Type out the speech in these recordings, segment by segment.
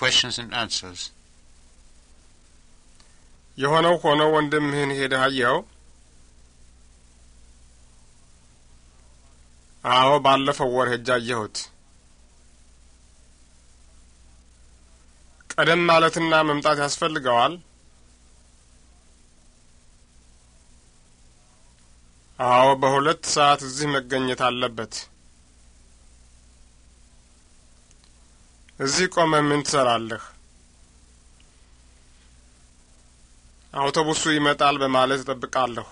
questions and answers የሆነው ሆኖ ወንድምህን ሄደህ አየኸው? አዎ፣ ባለፈው ወር ሄጄ አየሁት። ቀደም ማለትና መምጣት ያስፈልገዋል? አዎ፣ በሁለት ሰዓት እዚህ መገኘት አለበት። እዚህ ቆመ ምን ትሰራለህ? አውቶቡሱ ይመጣል በማለት እጠብቃለሁ።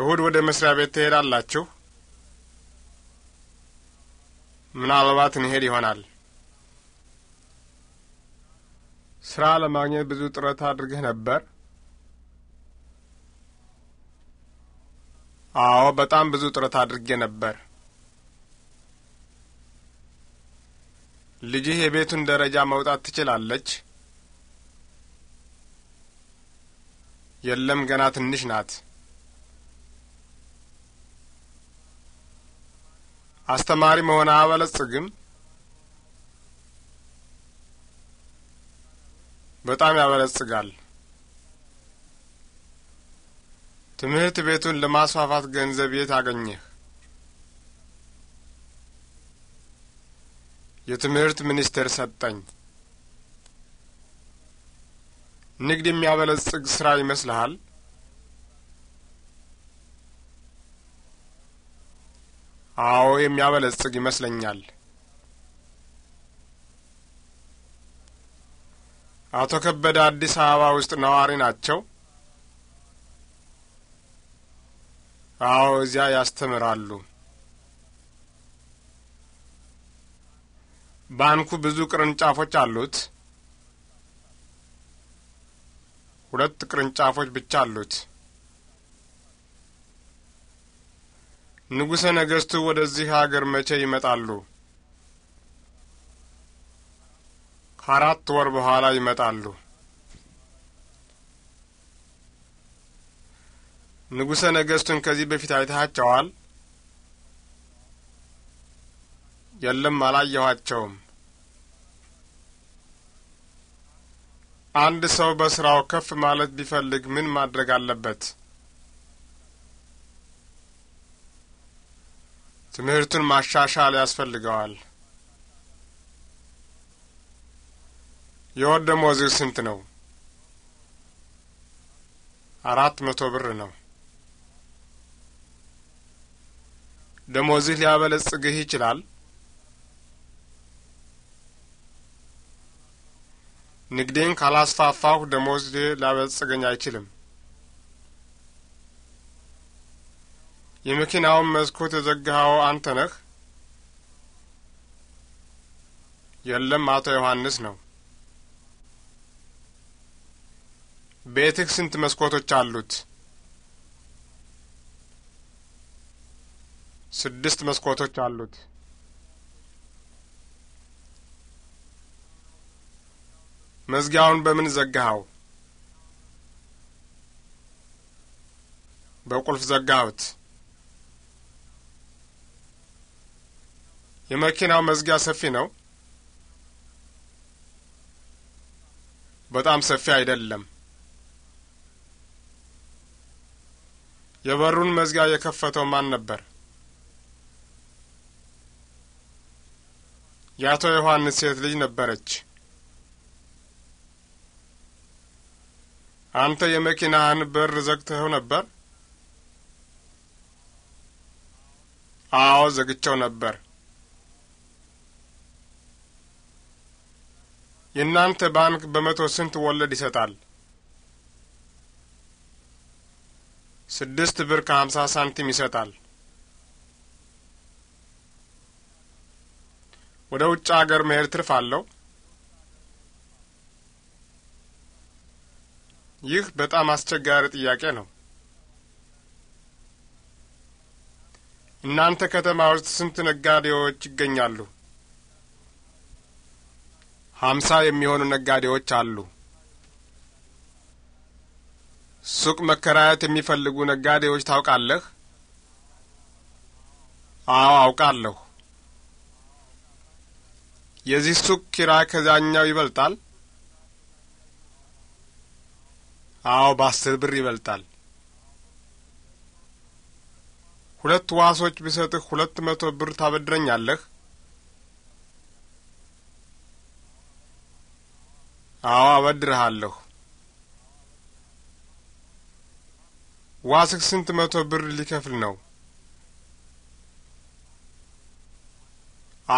እሁድ ወደ መስሪያ ቤት ትሄዳላችሁ? ምናልባት እንሄድ ይሆናል። ስራ ለማግኘት ብዙ ጥረት አድርገህ ነበር? አዎ፣ በጣም ብዙ ጥረት አድርጌ ነበር። ልጅህ የቤቱን ደረጃ መውጣት ትችላለች? የለም፣ ገና ትንሽ ናት። አስተማሪ መሆን አያበለጽግም? በጣም ያበለጽጋል። ትምህርት ቤቱን ለማስፋፋት ገንዘብ የት አገኘህ? የትምህርት ሚኒስቴር ሰጠኝ። ንግድ የሚያበለጽግ ስራ ይመስልሃል? አዎ የሚያበለጽግ ይመስለኛል። አቶ ከበደ አዲስ አበባ ውስጥ ነዋሪ ናቸው? አዎ እዚያ ያስተምራሉ። ባንኩ ብዙ ቅርንጫፎች አሉት? ሁለት ቅርንጫፎች ብቻ አሉት። ንጉሠ ነገሥቱ ወደዚህ አገር መቼ ይመጣሉ? ከአራት ወር በኋላ ይመጣሉ። ንጉሠ ነገሥቱን ከዚህ በፊት አይተሃቸዋል? የለም፣ አላየኋቸውም። አንድ ሰው በስራው ከፍ ማለት ቢፈልግ ምን ማድረግ አለበት? ትምህርቱን ማሻሻል ያስፈልገዋል። የወር ደሞዝ ስንት ነው? አራት መቶ ብር ነው። ደሞዝህ ሊያበለጽግህ ይችላል። ንግዴን ካላስፋፋሁ ደሞዝ ላበጽገኝ አይችልም። የመኪናውን መስኮት የዘጋኸው አንተ ነህ? የለም፣ አቶ ዮሐንስ ነው። ቤትህ ስንት መስኮቶች አሉት? ስድስት መስኮቶች አሉት። መዝጊያውን በምን ዘጋኸው? በቁልፍ ዘጋሁት። የመኪናው መዝጊያ ሰፊ ነው? በጣም ሰፊ አይደለም። የበሩን መዝጊያ የከፈተው ማን ነበር? የአቶ ዮሐንስ ሴት ልጅ ነበረች። አንተ የመኪናህን በር ዘግተኸው ነበር? አዎ ዘግቸው ነበር። የእናንተ ባንክ በመቶ ስንት ወለድ ይሰጣል? ስድስት ብር ከሀምሳ ሳንቲም ይሰጣል። ወደ ውጭ አገር መሄድ ትርፍ አለው? ይህ በጣም አስቸጋሪ ጥያቄ ነው። እናንተ ከተማ ውስጥ ስንት ነጋዴዎች ይገኛሉ? ሀምሳ የሚሆኑ ነጋዴዎች አሉ። ሱቅ መከራየት የሚፈልጉ ነጋዴዎች ታውቃለህ? አዎ አውቃለሁ። የዚህ ሱቅ ኪራይ ከዛኛው ይበልጣል? አዎ በአስር ብር ይበልጣል። ሁለት ዋሶች ብሰጥህ ሁለት መቶ ብር ታበድረኛለህ? አዎ አበድርሃለሁ። ዋስህ ስንት መቶ ብር ሊከፍል ነው?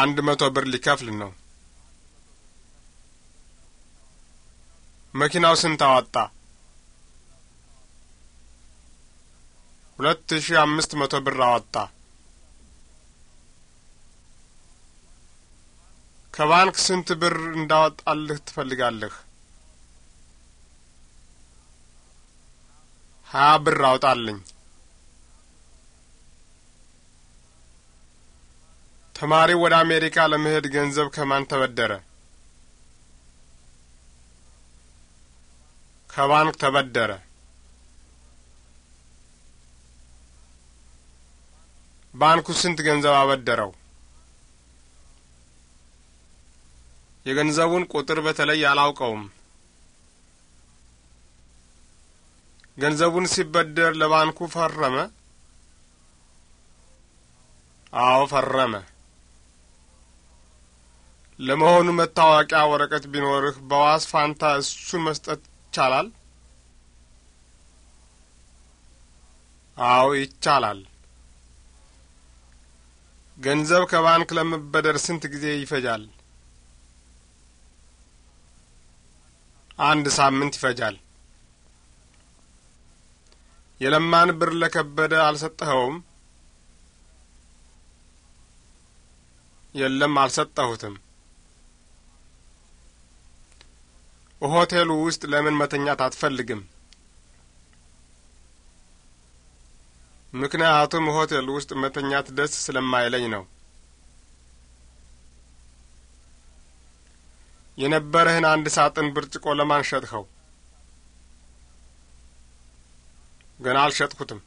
አንድ መቶ ብር ሊከፍል ነው። መኪናው ስንት አወጣ? ሁለት ሺ አምስት መቶ ብር አወጣ። ከባንክ ስንት ብር እንዳወጣልህ ትፈልጋለህ? ሀያ ብር አውጣልኝ። ተማሪው ወደ አሜሪካ ለመሄድ ገንዘብ ከማን ተበደረ? ከባንክ ተበደረ። ባንኩ ስንት ገንዘብ አበደረው? የገንዘቡን ቁጥር በተለይ አላውቀውም። ገንዘቡን ሲበደር ለባንኩ ፈረመ? አዎ ፈረመ። ለመሆኑ መታወቂያ ወረቀት ቢኖርህ በዋስ ፋንታ እሱን መስጠት ይቻላል? አዎ ይቻላል። ገንዘብ ከባንክ ለመበደር ስንት ጊዜ ይፈጃል? አንድ ሳምንት ይፈጃል። የለማን ብር ለከበደ አልሰጠኸውም? የለም፣ አልሰጠሁትም። ሆቴሉ ውስጥ ለምን መተኛት አትፈልግም? ምክንያቱም ሆቴል ውስጥ መተኛት ደስ ስለማይለኝ ነው። የነበረህን አንድ ሳጥን ብርጭቆ ለማን ሸጥኸው? ገና አልሸጥኩትም።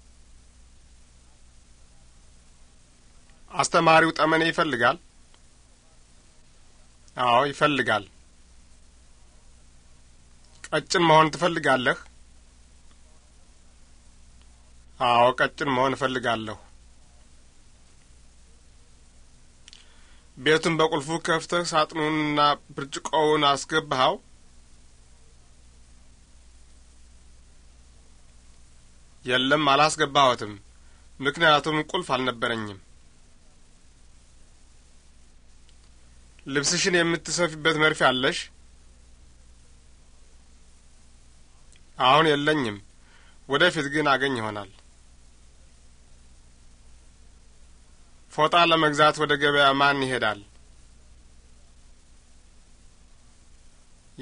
አስተማሪው ጠመኔ ይፈልጋል? አዎ ይፈልጋል። ቀጭን መሆን ትፈልጋለህ? አዎ፣ ቀጭን መሆን እፈልጋለሁ። ቤቱን በቁልፉ ከፍተህ ሳጥኑንና ብርጭቆውን አስገብኸው? የለም፣ አላስገባሁትም። ምክንያቱም ቁልፍ አልነበረኝም። ልብስሽን የምትሰፊበት መርፌ አለሽ? አሁን የለኝም። ወደፊት ግን አገኝ ይሆናል። ፎጣ ለመግዛት ወደ ገበያ ማን ይሄዳል?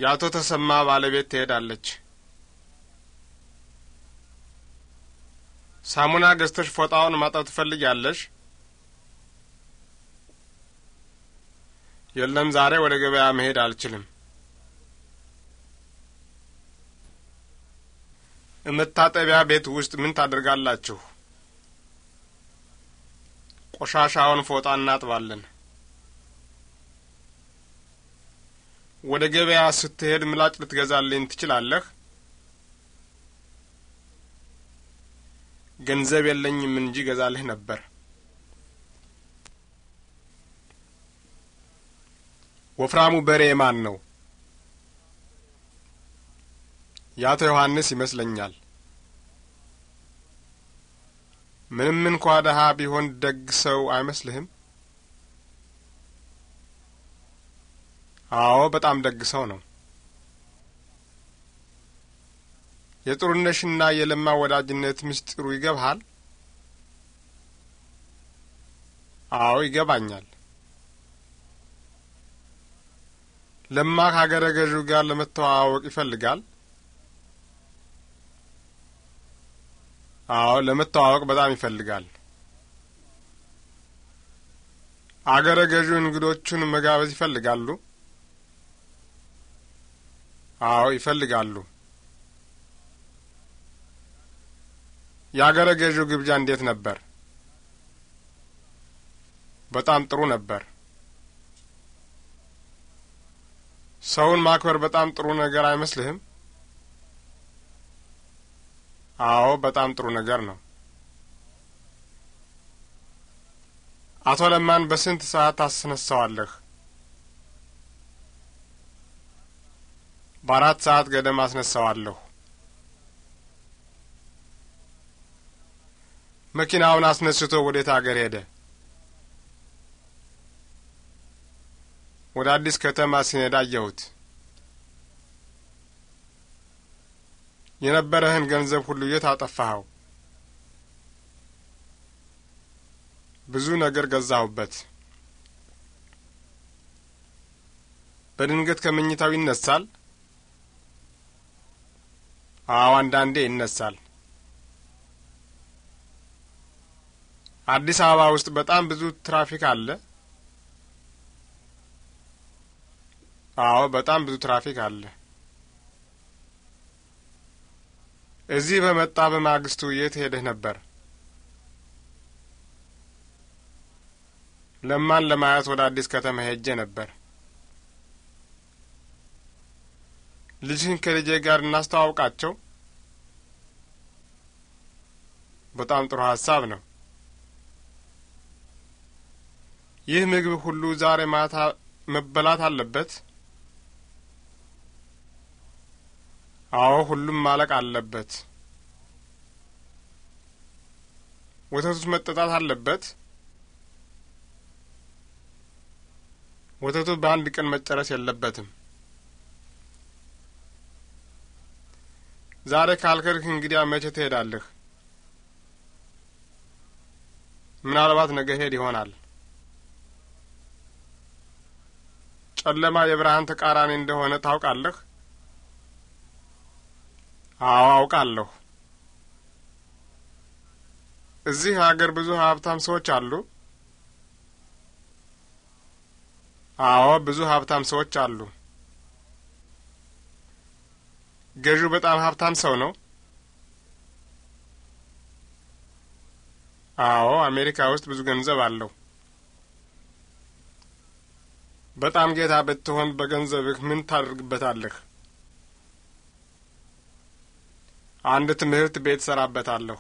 የአቶ ተሰማ ባለቤት ትሄዳለች። ሳሙና ገዝተሽ ፎጣውን ማጠብ ትፈልጊያለሽ? የለም፣ ዛሬ ወደ ገበያ መሄድ አልችልም። መታጠቢያ ቤት ውስጥ ምን ታደርጋላችሁ? ቆሻሻውን ፎጣ እናጥባለን። ወደ ገበያ ስትሄድ ምላጭ ልትገዛልኝ ትችላለህ? ገንዘብ የለኝም እንጂ ገዛልህ ነበር። ወፍራሙ በሬ ማን ነው? የአቶ ዮሐንስ ይመስለኛል። ምንም እንኳ ደሀ ቢሆን ደግ ሰው አይመስልህም? አዎ፣ በጣም ደግ ሰው ነው። የጥሩነሽና የለማ ወዳጅነት ምስጢሩ ይገባሃል? አዎ፣ ይገባኛል። ለማ ከአገረ ገዢው ጋር ለመተዋወቅ ይፈልጋል። አዎ፣ ለመተዋወቅ በጣም ይፈልጋል። አገረ ገዢ እንግዶቹን መጋበዝ ይፈልጋሉ? አዎ፣ ይፈልጋሉ። የአገረ ገዢው ግብዣ እንዴት ነበር? በጣም ጥሩ ነበር። ሰውን ማክበር በጣም ጥሩ ነገር አይመስልህም? አዎ፣ በጣም ጥሩ ነገር ነው። አቶ ለማን በስንት ሰዓት አስነሳዋለህ? በአራት ሰዓት ገደማ አስነሳዋለሁ። መኪናውን አስነስቶ ወዴት አገር ሄደ? ወደ አዲስ ከተማ ሲነዳ አየሁት። የነበረህን ገንዘብ ሁሉ የት አጠፋኸው? ብዙ ነገር ገዛሁበት። በድንገት ከመኝታው ይነሳል? አዎ፣ አንዳንዴ ይነሳል። አዲስ አበባ ውስጥ በጣም ብዙ ትራፊክ አለ? አዎ፣ በጣም ብዙ ትራፊክ አለ። እዚህ በመጣ በማግስቱ የት ሄደህ ነበር? ለማን ለማየት ወደ አዲስ ከተማ ሄጄ ነበር። ልጅህን ከልጄ ጋር እናስተዋውቃቸው። በጣም ጥሩ ሀሳብ ነው። ይህ ምግብ ሁሉ ዛሬ ማታ መበላት አለበት? አዎ፣ ሁሉም ማለቅ አለበት። ወተቱስ መጠጣት አለበት? ወተቱ በአንድ ቀን መጨረስ የለበትም። ዛሬ ካልከድክ እንግዲያ መቼ ትሄዳለህ? ምናልባት ነገ ሄድ ይሆናል። ጨለማ የብርሃን ተቃራኒ እንደሆነ ታውቃለህ? አዎ አውቃለሁ። እዚህ ሀገር ብዙ ሀብታም ሰዎች አሉ? አዎ ብዙ ሀብታም ሰዎች አሉ። ገዢው በጣም ሀብታም ሰው ነው? አዎ አሜሪካ ውስጥ ብዙ ገንዘብ አለው። በጣም ጌታ ብትሆን በገንዘብህ ምን ታደርግበታለህ? አንድ ትምህርት ቤት ሰራበታለሁ።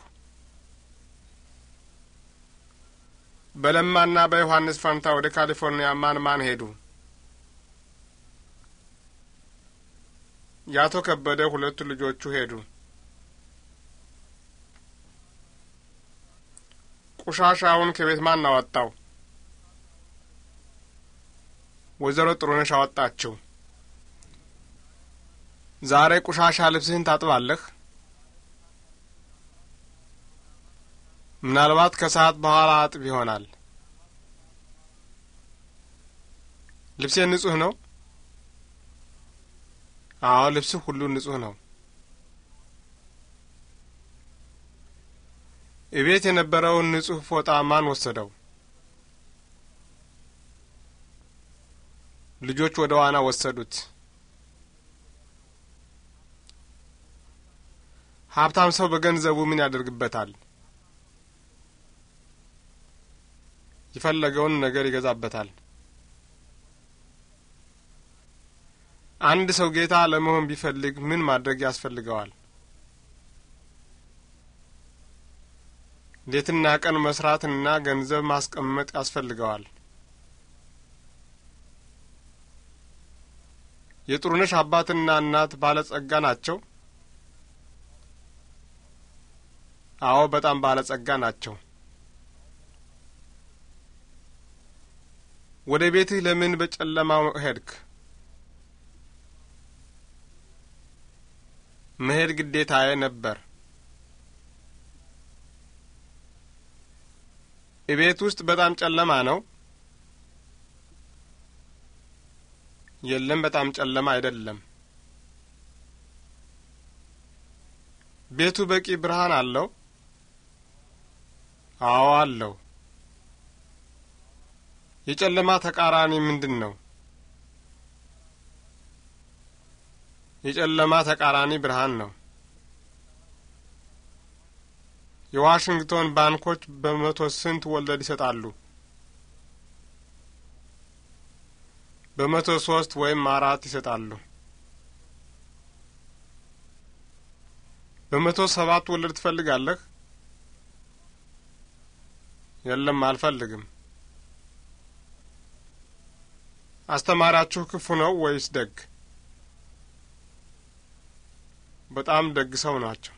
በለማና በዮሐንስ ፈንታ ወደ ካሊፎርኒያ ማን ማን ሄዱ? የአቶ ከበደ ሁለቱ ልጆቹ ሄዱ። ቆሻሻውን ከቤት ማን አወጣው? ወይዘሮ ጥሩነሽ አወጣችው። ዛሬ ቆሻሻ ልብስህን ታጥባለህ? ምናልባት ከሰዓት በኋላ አጥብ ይሆናል። ልብሴ ንጹህ ነው? አዎ፣ ልብስህ ሁሉ ንጹህ ነው። እቤት የነበረውን ንጹህ ፎጣ ማን ወሰደው? ልጆች ወደ ዋና ወሰዱት። ሀብታም ሰው በገንዘቡ ምን ያደርግበታል? የፈለገውን ነገር ይገዛበታል። አንድ ሰው ጌታ ለመሆን ቢፈልግ ምን ማድረግ ያስፈልገዋል? ሌትና ቀን መስራትና ገንዘብ ማስቀመጥ ያስፈልገዋል። የጥሩነሽ አባትና እናት ባለጸጋ ናቸው? አዎ፣ በጣም ባለጸጋ ናቸው። ወደ ቤትህ ለምን በጨለማ ሄድክ? መሄድ ግዴታዬ ነበር። እቤት ውስጥ በጣም ጨለማ ነው። የለም፣ በጣም ጨለማ አይደለም። ቤቱ በቂ ብርሃን አለው? አዎ አለው። የጨለማ ተቃራኒ ምንድን ነው? የጨለማ ተቃራኒ ብርሃን ነው። የዋሽንግቶን ባንኮች በመቶ ስንት ወለድ ይሰጣሉ? በመቶ ሶስት ወይም አራት ይሰጣሉ። በመቶ ሰባት ወለድ ትፈልጋለህ? የለም፣ አልፈልግም። አስተማሪያችሁ ክፉ ነው ወይስ ደግ? በጣም ደግ ሰው ናቸው።